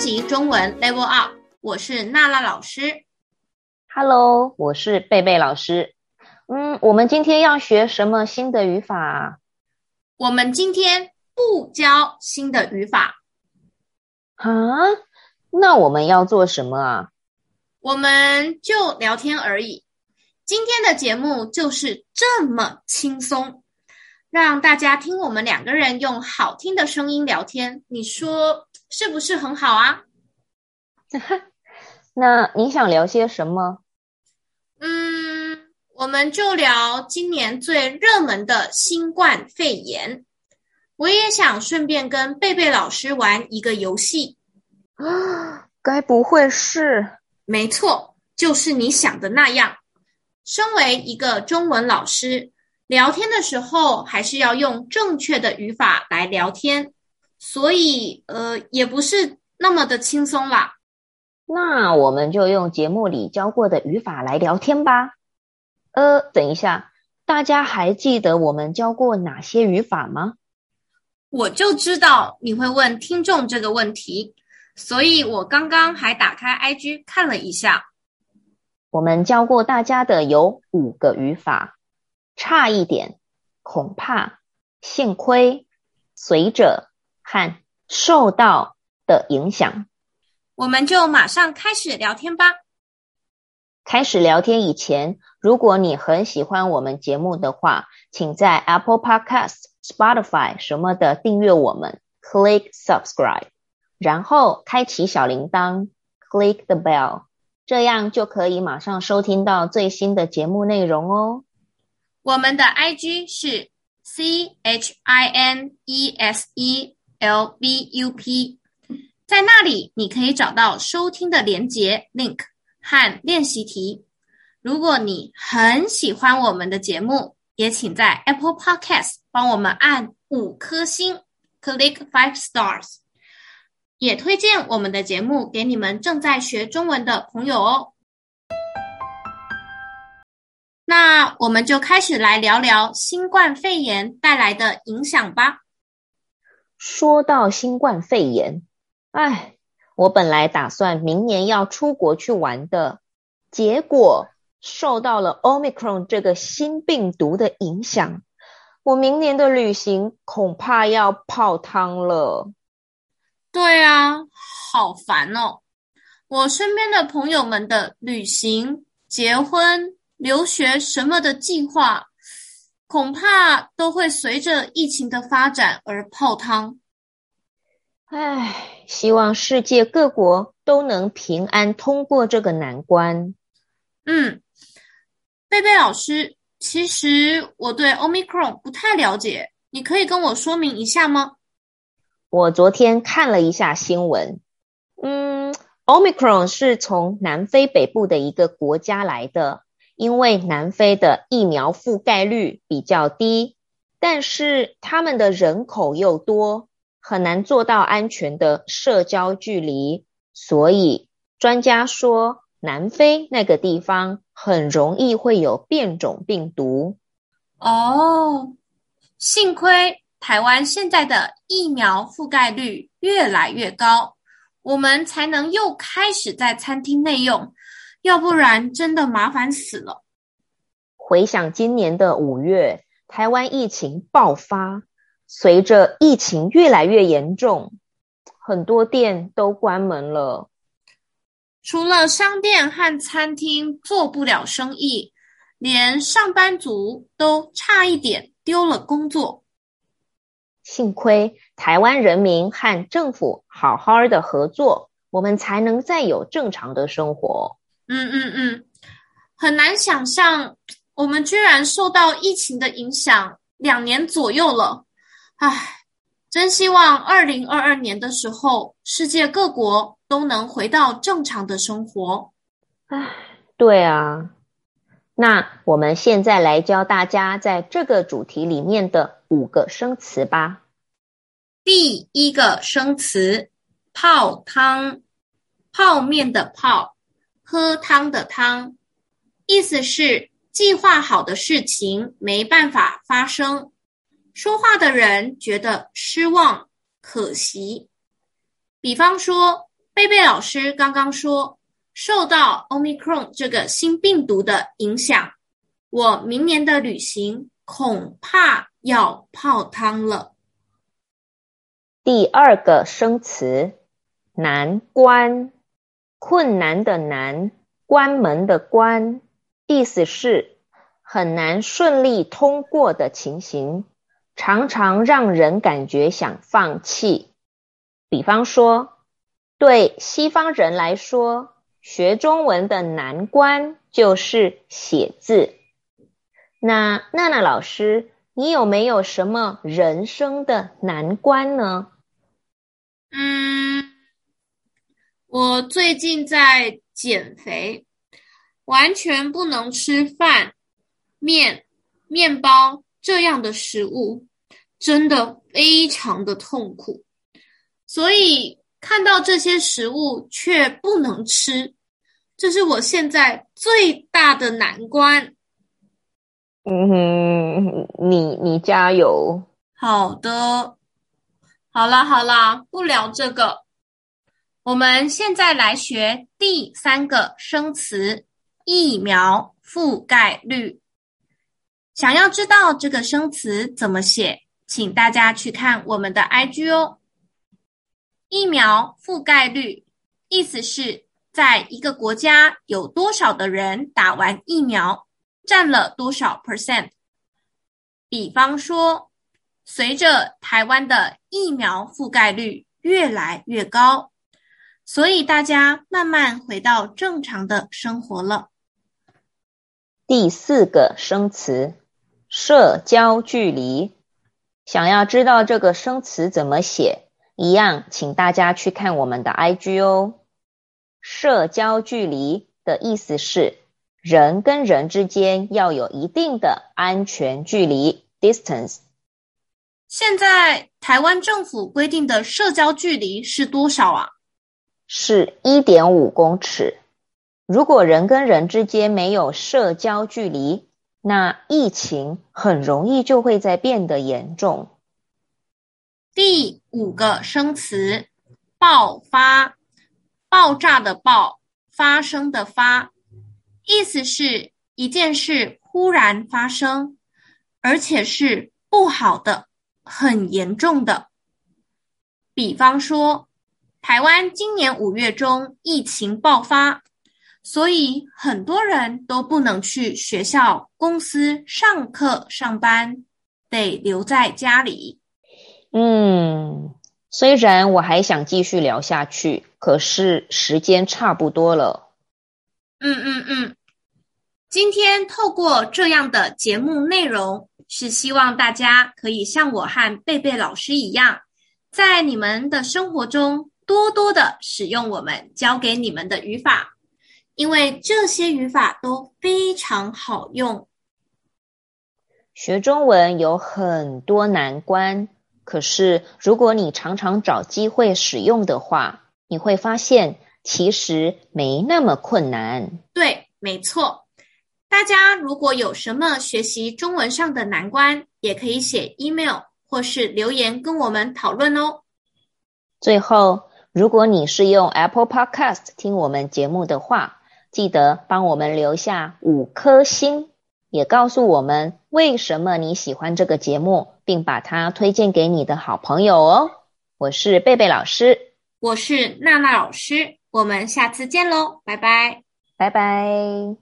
級中文 Level Up，我是娜娜老師。Hello，我是貝貝老師。嗯，我們今天要學什麼新的語法？我們今天不教新的語法。啊？那我們要做什麼啊？我們就聊天而已。今天的節目就是這麼輕鬆。讓大家聽我們兩個人用好聽的聲音聊天，你說是不是很好啊？那你想聊些什麼？嗯，我們就聊今年最熱門的新冠肺炎。我也想順便跟貝貝老師玩一個遊戲。啊，該不會是？沒錯，就是你想的那樣。身為一個中文老師，聊天的時候還是要用正確的語法來聊天，所以呃也不是那麼的輕鬆啦，那我們就用節目裡教過的語法來聊天吧。呃，等一下，大家還記得我們教過哪些語法嗎？我就知道你會問聽眾這個問題，所以我剛剛還打開 IG 看了一下。我們教過大家的有五個語法。差一點、恐怕、幸虧、隨着，和受到的影響，我們就馬上開始聊天吧。開始聊天以前，如果你很喜歡我們節目的話，請在 Apple Podcast、Spotify 什麼的訂閱我們，click subscribe，然後開啟小鈴鐺，click the bell，這樣就可以馬上收聽到最新的節目內容哦。我們的 IG 是 ChineseLbup，在那裡你可以找到收聽的連結 link 和練習題。如果你很喜歡我們的節目，也請在 Apple Podcast 幫我們按五顆星，click five stars。也推薦我們的節目給你們正在學中文的朋友哦。那我們就開始來聊聊新冠肺炎帶來的影響吧。說到新冠肺炎，哎，我本來打算明年要出國去玩的，結果受到了 Omicron 這個新病毒的影響，我明年的旅行恐怕要泡湯了。對啊，好煩哦，我身邊的朋友們的旅行、結婚，留學什麼的計劃，恐怕都會隨着疫情的發展而泡湯。唉，希望世界各國都能平安通過這個難關。嗯，貝貝老師，其實我對 Omicron 不太了解，你可以跟我說明一下嗎？我昨天看了一下新聞，嗯，Omicron 是從南非北部的一個國家來的。因為南非的疫苗覆蓋率比較低，但是他們的人口又多，很難做到安全的社交距離，所以專家說南非那個地方很容易會有變種病毒。哦，幸虧台灣現在的疫苗覆蓋率越來越高，我們才能又開始在餐廳內用。要不然真的麻煩死了。回想今年的五月，台灣疫情爆發，隨着疫情越來越嚴重，很多店都關門了。除了商店和餐廳做不了生意，連上班族都差一點丟了工作。幸虧台灣人民和政府好好的合作，我們才能再有正常的生活。嗯嗯嗯，很難想象我們居然受到疫情的影響兩年左右了，唉，真希望二零二二年的時候世界各國都能回到正常的生活，唉，對啊。那我們現在來教大家在這個主題裡面的五個生詞吧。第一個生詞，泡湯，泡麵的泡。喝湯的湯，意思是計劃好的事情沒辦法發生。說話的人覺得失望、可惜。比方說，貝貝老師剛剛說，受到 Omicron 這個新病毒的影響，我明年的旅行恐怕要泡湯了。第二個生詞：難關。困難的難，關門的關，意思是很難順利通過的情形，常常讓人感覺想放棄。比方說，對西方人來說，學中文的難關就是寫字。那娜娜老師，你有沒有什麼人生的難關呢？最近在減肥，完全不能吃飯、麵、麵包這樣的食物，真的非常的痛苦。所以看到這些食物卻不能吃，這是我現在最大的難關。嗯哼，你你加油。好的。好啦好啦，不聊這個。我們現在來學第三個生詞“疫苗覆蓋率”。想要知道這個生詞怎麼寫，請大家去看我們的 IG 哦。疫苗覆蓋率意思是在一個國家有多少的人打完疫苗，佔了多少 percent。比方說，隨着台灣的疫苗覆蓋率越來越高。所以大家慢慢回到正常的生活了。第四個生詞，社交距離。想要知道這個生詞怎麼寫，一樣，請大家去看我們的 IG 哦。社交距離的意思是人跟人之間要有一定的安全距離 （distance）。Dist 現在台灣政府規定的社交距離是多少啊？1 是一點五公尺。如果人跟人之間沒有社交距離，那疫情很容易就會再變得嚴重。第五個生詞：爆發、爆炸的爆、發生的發，意思是：一件事忽然發生，而且是不好的、很嚴重的。比方說。台灣今年五月中疫情爆發，所以很多人都不能去學校、公司上課、上班，得留在家裡。嗯，雖然我還想繼續聊下去，可是時間差不多了。嗯嗯嗯，今天透過這樣的節目內容，是希望大家可以像我和貝貝老師一樣，在你們的生活中，多多的使用我們教給你們的語法，因為這些語法都非常好用。學中文有很多難關，可是如果你常常找機會使用的話，你會發現其實沒那麼困難。對，沒錯。大家如果有什麼學習中文上的難關，也可以寫 email 或是留言跟我們討論哦。最後。如果你是用 Apple Podcast 聽我們節目的話，記得幫我們留下五顆星，也告訴我們為什麼你喜歡這個節目，並把它推薦給你的好朋友哦。我是貝貝老師，我是娜娜老師，我們下次見嘍，拜拜，拜拜。